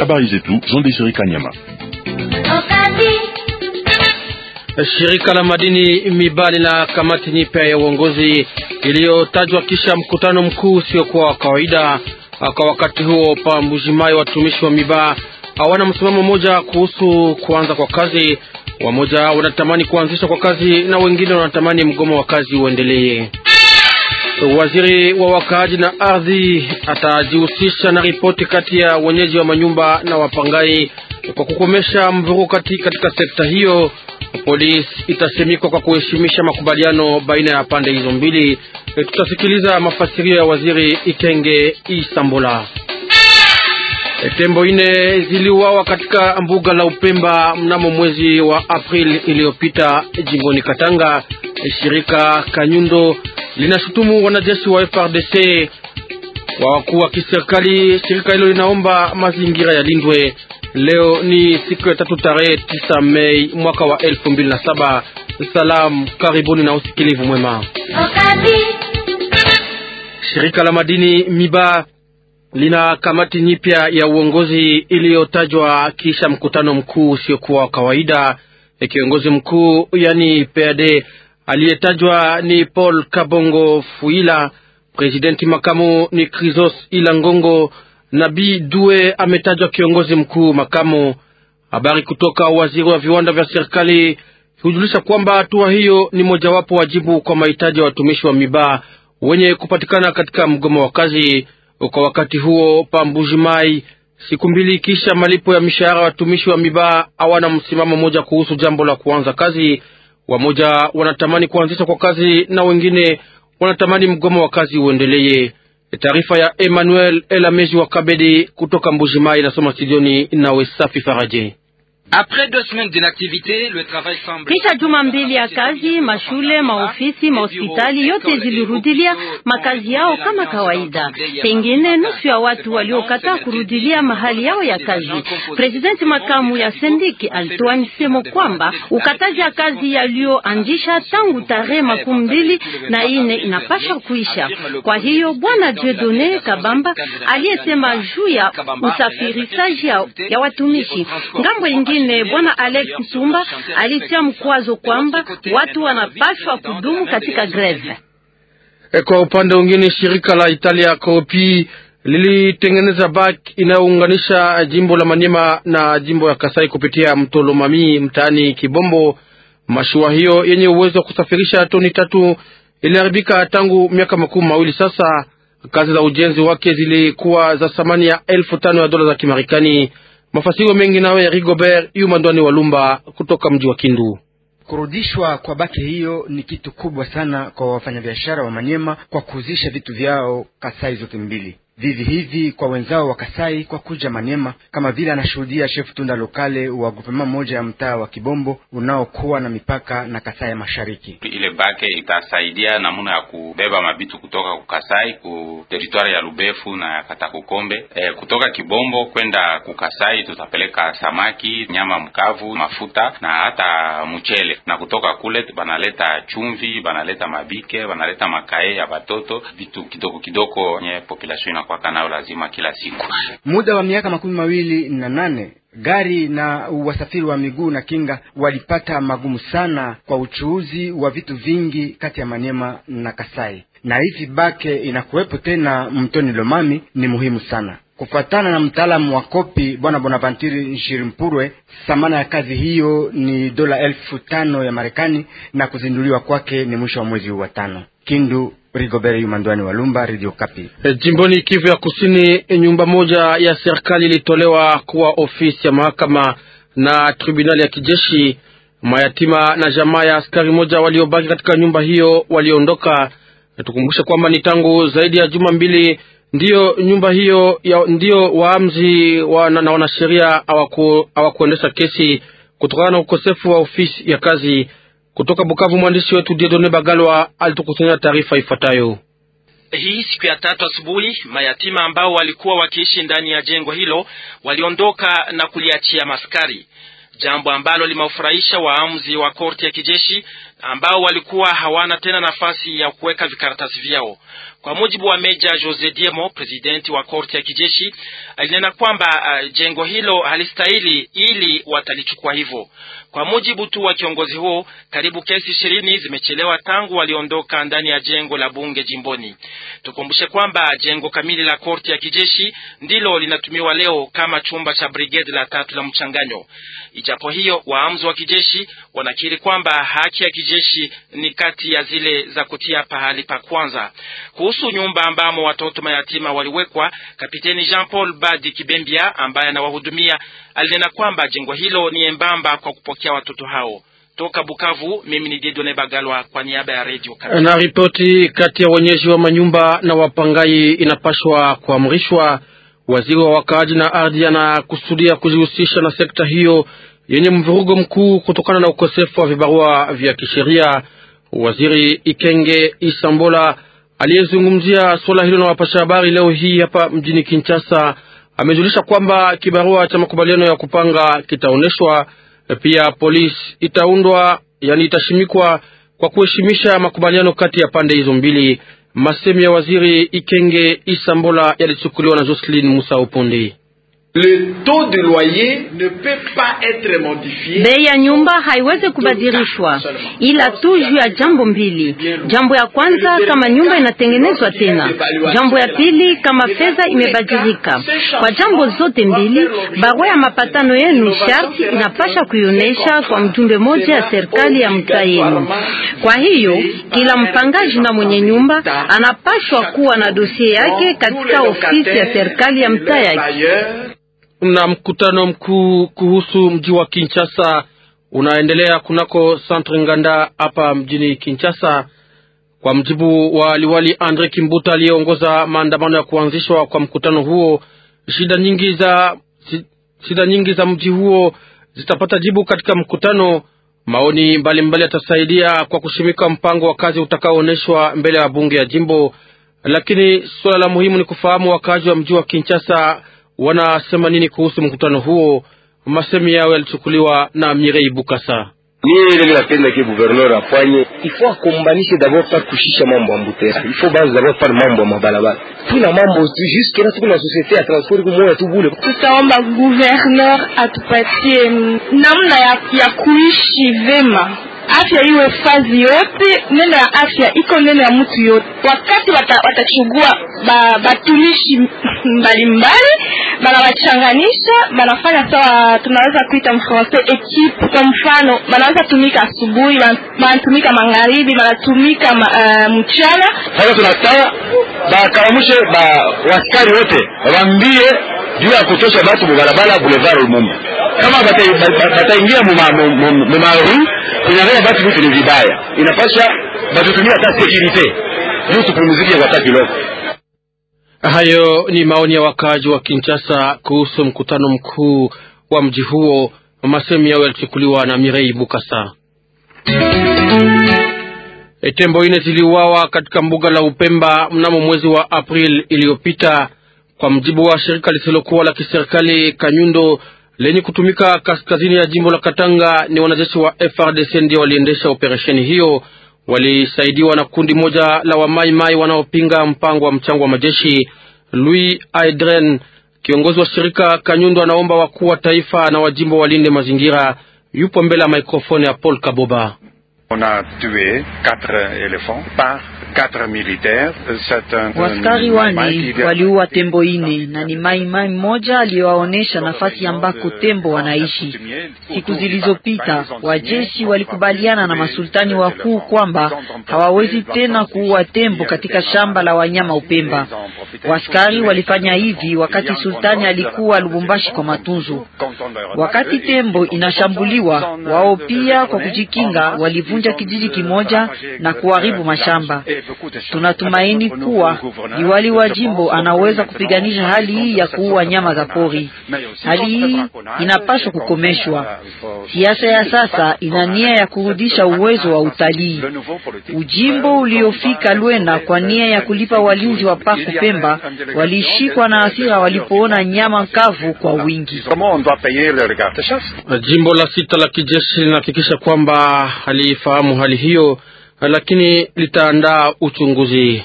Habari zetu Jean Desire Kanyama. Eh, shirika la madini Mibali na kamati nyipya ya uongozi iliyotajwa kisha mkutano mkuu usiokuwa wa kawaida ah, kwa wakati huo pa Mbujimayi, watumishi wa Mibaa ah, hawana msimamo mmoja kuhusu kuanza kwa kazi. Wamoja wanatamani kuanzishwa kwa kazi na wengine wanatamani mgomo wa kazi uendelee. Waziri wa wakaaji na ardhi atajihusisha na ripoti kati ya wenyeji wa manyumba na wapangai kwa kukomesha mvuruko katika sekta hiyo. Polisi itasimikwa kwa kuheshimisha makubaliano baina ya pande hizo mbili. Tutasikiliza mafasirio ya waziri Ikenge Isambola. Tembo ine ziliuawa katika mbuga la Upemba mnamo mwezi wa Aprili iliyopita jimboni Katanga. Shirika Kanyundo linashutumu wanajeshi wa FRDC wa wakuu wa kiserikali. Shirika hilo linaomba mazingira yalindwe. Leo ni siku ya tatu tarehe 9 Mei mwaka wa 2007. Salam, karibuni na usikilivu mwema. Shirika la madini Miba lina kamati nyipya ya uongozi iliyotajwa kisha mkutano mkuu usiokuwa wa kawaida. Kiongozi mkuu yani PAD aliyetajwa ni Paul Kabongo Fuila, presidenti makamu ni krisos Ilangongo na Bi Due ametajwa kiongozi mkuu makamu. Habari kutoka waziri wa viwanda vya serikali hujulisha kwamba hatua hiyo ni mojawapo wajibu kwa mahitaji ya watumishi wa mibaa wenye kupatikana katika mgomo wa kazi kwa wakati huo Pambujimai, siku mbili kisha malipo ya mishahara watumishi wa mibaa hawana msimamo moja kuhusu jambo la kuanza kazi. Wamoja wanatamani kuanzisha kwa kazi na wengine wanatamani mgomo wa kazi uendelee. Taarifa ya Emmanuel Elameji wa Kabedi kutoka Mbujimai inasoma studioni nawe Safi Faraje. Kisha juma mbili ya kazi, mashule, maofisi, mahospitali yote zilirudilia makazi yao kama kawaida. Pengine nusu ya watu waliokataa kurudilia mahali yao ya kazi. Presidenti makamu ya sendiki alitoa msemo kwamba ukataji ya kazi yaliyoanzisha tangu tarehe makumi mbili na ine inapasha kuisha. Kwa hiyo bwana Jedone Kabamba aliyesema juu ya usafirishaji ya watumishi ngambo ingine ine bwana Alex Sumba alitia mkwazo kwamba watu wanapaswa kudumu katika greve. E, kwa upande mwingine, shirika la Italia Kopi lilitengeneza bak inayounganisha jimbo la Manyema na jimbo ya Kasai kupitia mto Lomami mtaani Kibombo. Mashua hiyo yenye uwezo wa kusafirisha toni tatu iliharibika tangu miaka makumi mawili sasa. Kazi za ujenzi wake zilikuwa za thamani ya elfu tano ya dola za Kimarekani. Mafasiro mengi nawe ya Rigobert Yumandwani lumba kutoka mji wa Kindu. Kurudishwa kwa bake hiyo ni kitu kubwa sana kwa wafanyabiashara wa Manyema kwa kuuzisha vitu vyao Kasai zote mbili vivi hivi kwa wenzao wa Kasai kwa kuja Manema, kama vile anashuhudia Chef Tunda Lokale wa gupema moja ya mtaa wa Kibombo unaokuwa na mipaka na Kasai Mashariki. Ile bake itasaidia namuna ya kubeba mabitu kutoka kukasai ku teritwari ya Lubefu na ya Katakukombe. E, eh, kutoka Kibombo kwenda kukasai tutapeleka samaki, nyama mkavu, mafuta na hata mchele, na kutoka kule banaleta chumvi, banaleta mabike, banaleta makae ya batoto, vitu kidogo kidogo nye population wanakuwa nayo lazima kila siku. Muda wa miaka makumi mawili na nane gari na wasafiri wa miguu na kinga walipata magumu sana kwa uchuuzi wa vitu vingi kati ya manyema na Kasai, na hivi bake inakuwepo tena mtoni Lomami ni muhimu sana kufuatana na mtaalamu wa kopi bwana Bonavantiri Nshirimpurwe, thamana ya kazi hiyo ni dola elfu tano ya Marekani na kuzinduliwa kwake ni mwisho wa mwezi huu wa tano. Kindu, Rigobert Yumandwani Walumba, Radio Kapi. Eh, jimboni Kivu ya Kusini, eh, nyumba moja ya serikali ilitolewa kuwa ofisi ya mahakama na tribunali ya kijeshi. Mayatima na jamaa ya askari moja waliobaki katika nyumba hiyo waliondoka. Eh, tukumbushe kwamba ni tangu zaidi ya juma mbili ndiyo nyumba hiyo ya, ndiyo waamzi wa, na wanasheria hawakuendesha kesi kutokana na ukosefu wa ofisi ya kazi. Kutoka Bukavu, mwandishi wetu Diedone Bagalwa alitukusanya taarifa ifuatayo. Hii siku ya tatu asubuhi mayatima ambao walikuwa wakiishi ndani ya jengo hilo waliondoka na kuliachia maskari, jambo ambalo limewafurahisha waamuzi wa korti ya kijeshi ambao walikuwa hawana tena nafasi ya kuweka vikaratasi vyao. Kwa mujibu wa Meja Jose Diemo, presidenti wa korti ya kijeshi, alinena kwamba uh, jengo hilo halistahili ili watalichukua hivyo. Kwa mujibu tu wa kiongozi huo, karibu kesi ishirini zimechelewa tangu waliondoka ndani ya jengo la bunge jimboni. Tukumbushe kwamba jengo kamili la korti ya kijeshi ndilo linatumiwa leo kama chumba cha brigade la tatu la mchanganyo. Ijapo hiyo, waamuzi wa kijeshi wanakiri kwamba haki ya kijeshi kijeshi ni kati ya zile za kutia pahali pa kwanza. Kuhusu nyumba ambamo watoto mayatima waliwekwa, Kapiteni Jean Paul Badi Kibembia ambaye anawahudumia alinena kwamba jengo hilo ni embamba kwa kupokea watoto hao. Toka Bukavu, mimi ni Dieudonne Bagalwa kwa niaba ya Radio Kapi. Na ripoti kati ya wenyeji wa manyumba na wapangai inapashwa kuamrishwa. Waziri wa wakaaji na ardhi anakusudia kujihusisha na sekta hiyo yenye mvurugo mkuu kutokana na ukosefu wa vibarua vya kisheria. Waziri Ikenge Isambola aliyezungumzia suala hilo na wapasha habari leo hii hapa mjini Kinshasa amejulisha kwamba kibarua cha makubaliano ya kupanga kitaonyeshwa. Pia polisi itaundwa, yani itashimikwa kwa kuheshimisha makubaliano kati ya pande hizo mbili. Masemi ya waziri Ikenge Isambola yalichukuliwa na joselin Musa Upundi. Le taux de loyer ne peut pas être modifié. Bei ya nyumba haiwezi kubadilishwa ila tu juu ya jambo mbili. Jambo ya kwanza kama nyumba inatengenezwa tena, jambo ya pili kama fedha imebadilika. Kwa jambo zote mbili, barua ya mapatano yenu sharti inapasha kuionesha kwa mjumbe moja ya serikali ya mtaa yenu. Kwa hiyo kila mpangaji na mwenye nyumba anapashwa kuwa na dosie yake katika ofisi ya serikali ya mtaa yake na mkutano mkuu kuhusu mji wa Kinshasa unaendelea kunako Centre Nganda hapa mjini Kinshasa. Kwa mjibu wa liwali Andre Kimbuta aliyeongoza maandamano ya kuanzishwa kwa mkutano huo, shida nyingi za shida nyingi za mji huo zitapata jibu katika mkutano. Maoni mbalimbali yatasaidia kwa kushimika mpango wa kazi utakaoonyeshwa mbele ya bunge ya jimbo, lakini suala la muhimu ni kufahamu wakazi wa mji wa Kinshasa wanasema nini kuhusu mkutano huo? Masemi yao yalichukuliwa na Mirei Bukasa. ile ke gouverneur afanye ifo akombanishe dabord kushisha mambo ifo dabord mambo mabalabala tuna mambo na tukuna societe ya transport kumoya tu bule. Tutaomba gouverneur atupatie namna ya, ya kuishi vema afya iwe fazi yote. Neno ya afya iko neno ya mtu yote, wakati watachugua batumishi mbalimbali banawachanganisha banafanya sawa, tunaweza kuita mfransa ekipe. Kwa mfano, banaweza tumika asubuhi, banatumika magharibi, banatumika ma, uh, mchana. Sasa tunataka bakaramushe ba waskari wote wambie juu ya kutosha batu mubarabara boulevard Lumumba, kama bataingia mumaru kunyangaa batu vitu ni vibaya, inapasha batutumia ta securite juu tupumuzike wakati loko Hayo ni maoni ya wakaaji wa Kinshasa kuhusu mkutano mkuu wa mji huo. Masemi yao yalichukuliwa na Mirei Bukasa. E, tembo ine ziliuawa katika mbuga la Upemba mnamo mwezi wa Aprili iliyopita, kwa mjibu wa shirika lisilokuwa la kiserikali Kanyundo lenye kutumika kaskazini ya jimbo la Katanga. Ni wanajeshi wa FRDC ndio waliendesha operesheni hiyo walisaidiwa na kundi moja la wamaimai wanaopinga mpango wa mchango wa majeshi. Louis Aidren, kiongozi wa shirika Kanyundo, anaomba wakuu wa taifa na wajimbo walinde mazingira. Yupo mbele ya maikrofoni ya Paul Kaboba. On a par Waskari wane waliua tembo ine na ni mai mai mmoja aliwaonesha nafasi ambako tembo wanaishi. Siku zilizopita wajeshi walikubaliana na masultani wakuu kwamba hawawezi tena kuua tembo katika shamba la wanyama Upemba. Waskari walifanya hivi wakati sultani alikuwa Lubumbashi kwa matunzo. Wakati tembo inashambuliwa, wao pia kwa kujikinga walivunja kijiji kimoja na kuharibu mashamba. Tunatumaini kuwa liwali wa jimbo anaweza kupiganisha hali hii ya kuua nyama za pori. Hali hii inapaswa kukomeshwa. Siasa ya sasa ina nia ya kurudisha uwezo wa utalii. Ujimbo uliofika Lwena kwa nia ya kulipa walinzi wa paku Pemba walishikwa na hasira walipoona nyama kavu kwa wingi. Jimbo la sita la kijeshi linahakikisha kwamba alifahamu hali hiyo lakini litaandaa uchunguzi.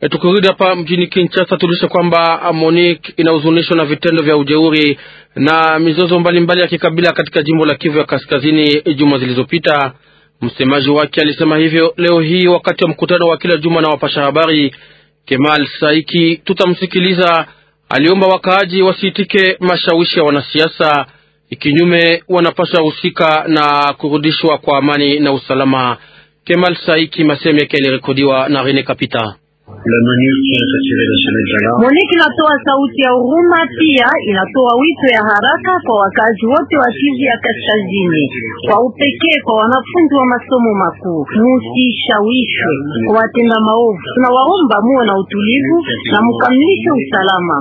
E, tukirudi hapa mjini Kinshasa, tulishe kwamba Monik inahuzunishwa na vitendo vya ujeuri na mizozo mbalimbali ya kikabila katika jimbo la Kivu ya Kaskazini juma zilizopita. Msemaji wake alisema hivyo leo hii wakati wa mkutano wa kila juma na wapasha habari. Kemal Saiki, tutamsikiliza, aliomba wakaaji wasiitike mashawishi ya wanasiasa, ikinyume wanapasha husika na kurudishwa kwa amani na usalama Kemal Saiki maseme yake yalirekodiwa na Rene Kapita. MONUC inatoa sauti ya huruma, pia inatoa wito ya haraka kwa wakazi wote wa Kivu ya Kaskazini, kwa upekee kwa wanafunzi wa masomo makuu. Musishawishwe kwa watenda maovu, tunawaomba muwe na utulivu na mukamilishe usalama,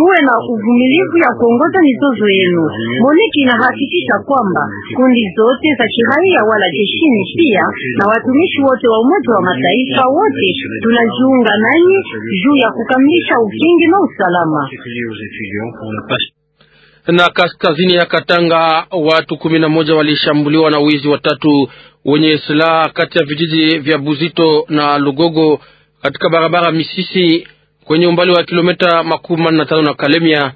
muwe na uvumilivu ya kuongoza mizozo yenu. MONUC inahakikisha kwamba kundi zote za kiraia wala jeshini, pia na watumishi wote wa Umoja wa Mataifa, wote tunajiunga kujiunga nanyi juu ya kukamilisha ukingi na usalama na kaskazini ya Katanga watu kumi na moja walishambuliwa na wizi watatu wenye silaha kati ya vijiji vya Buzito na Lugogo katika barabara Misisi kwenye umbali wa kilomita makumi manne na tano na Kalemia.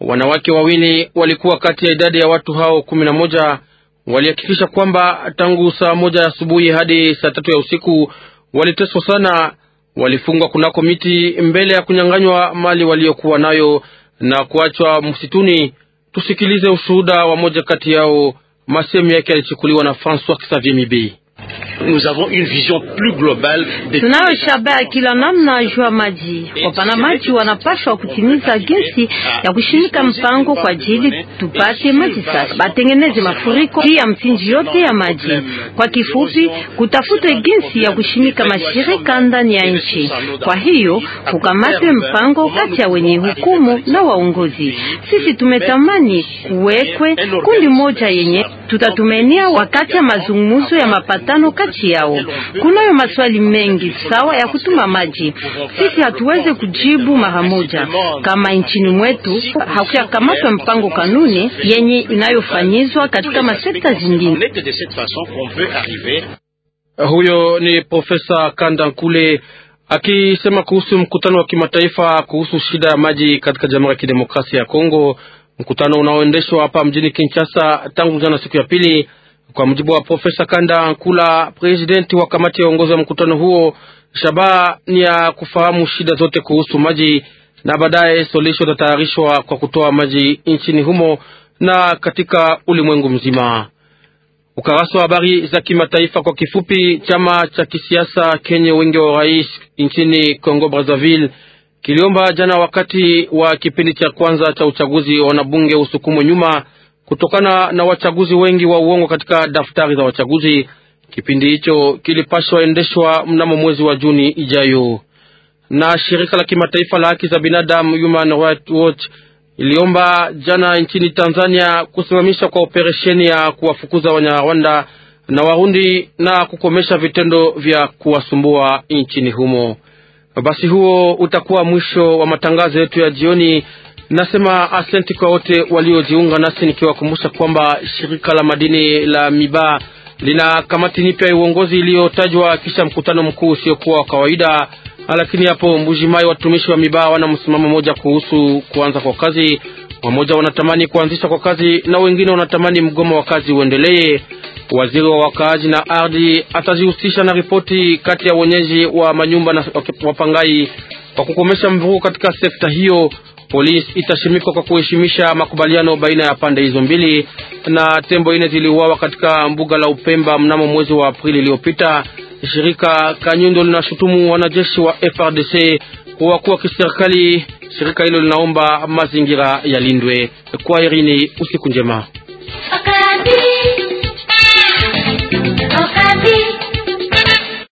Wanawake wawili walikuwa kati ya idadi ya watu hao kumi na moja. Walihakikisha kwamba tangu saa moja asubuhi hadi saa tatu ya usiku waliteswa sana walifungwa kunako miti mbele ya kunyang'anywa mali waliokuwa nayo na kuachwa msituni. Tusikilize ushuhuda wa moja kati yao, masehemu yake yalichukuliwa na François Xavier Mibi. Tunayo shabaha ya kila namna jua maji wapana maji. Wapanamaji wanapashwa kutimiza gesi ya kushimika mpango kwa ajili tupate maji sasa batengeneze mafuriko pia msingi yote ya maji. Kwa kifupi, kutafute gesi ya kushimika mashirika ndani ya nchi. Kwa hiyo kukamate mpango kati ya wenye hukumu na waongozi. Sisi tumetamani kuwekwe kundi moja yenye tutatumenia wakati ya mazungumzo ya mapata mapatano kati yao. Kunayo maswali mengi sawa ya kutuma maji, sisi hatuweze kujibu mara moja. Kama nchini mwetu hakukamatwa mpango kanuni yenye inayofanyizwa katika masekta zingine. Huyo ni Profesa Kanda Nkule akisema kuhusu mkutano wa kimataifa kuhusu shida ya maji katika Jamhuri ya Kidemokrasia ya Kongo, mkutano unaoendeshwa hapa mjini Kinshasa tangu jana siku ya pili kwa mjibu wa Profesa Kanda Nkula, presidenti wa kamati ya uongozi wa mkutano huo, shabaha ni ya kufahamu shida zote kuhusu maji na baadaye suluhisho tatayarishwa kwa kutoa maji nchini humo na katika ulimwengu mzima. Ukarasa wa habari za kimataifa kwa kifupi. Chama cha kisiasa kenye wingi wa urais nchini Congo Brazzaville kiliomba jana wakati wa kipindi cha kwanza cha uchaguzi wa wanabunge usukumwe nyuma kutokana na wachaguzi wengi wa uongo katika daftari za wachaguzi. Kipindi hicho kilipaswa endeshwa mnamo mwezi wa Juni ijayo. Na shirika la kimataifa la haki za binadamu Human Rights Watch iliomba jana nchini Tanzania kusimamisha kwa operesheni ya kuwafukuza Wanyarwanda na Warundi na kukomesha vitendo vya kuwasumbua nchini humo. Basi huo utakuwa mwisho wa matangazo yetu ya jioni. Nasema asante kwa wote waliojiunga nasi, nikiwakumbusha kwamba shirika la madini la Mibaa lina kamati nipya ya uongozi iliyotajwa kisha mkutano mkuu usiokuwa wa kawaida. Lakini hapo Mbujimai, watumishi wa Mibaa wana msimamo mmoja kuhusu kuanza kwa kazi. Wamoja wanatamani kuanzisha kwa kazi na wengine wanatamani mgomo wa kazi uendelee. Waziri wa wakaaji na ardhi atajihusisha na ripoti kati ya wenyeji wa manyumba na wapangai kwa kukomesha mvuko katika sekta hiyo. Polisi itashimikwa kwa kuheshimisha makubaliano baina ya pande hizo mbili. Na tembo ine ziliuawa katika mbuga la Upemba mnamo mwezi wa Aprili iliyopita. Shirika Kanyundo linashutumu wanajeshi wa FRDC kwa kuwa kiserikali. Shirika hilo linaomba mazingira yalindwe. Irini, usiku njema.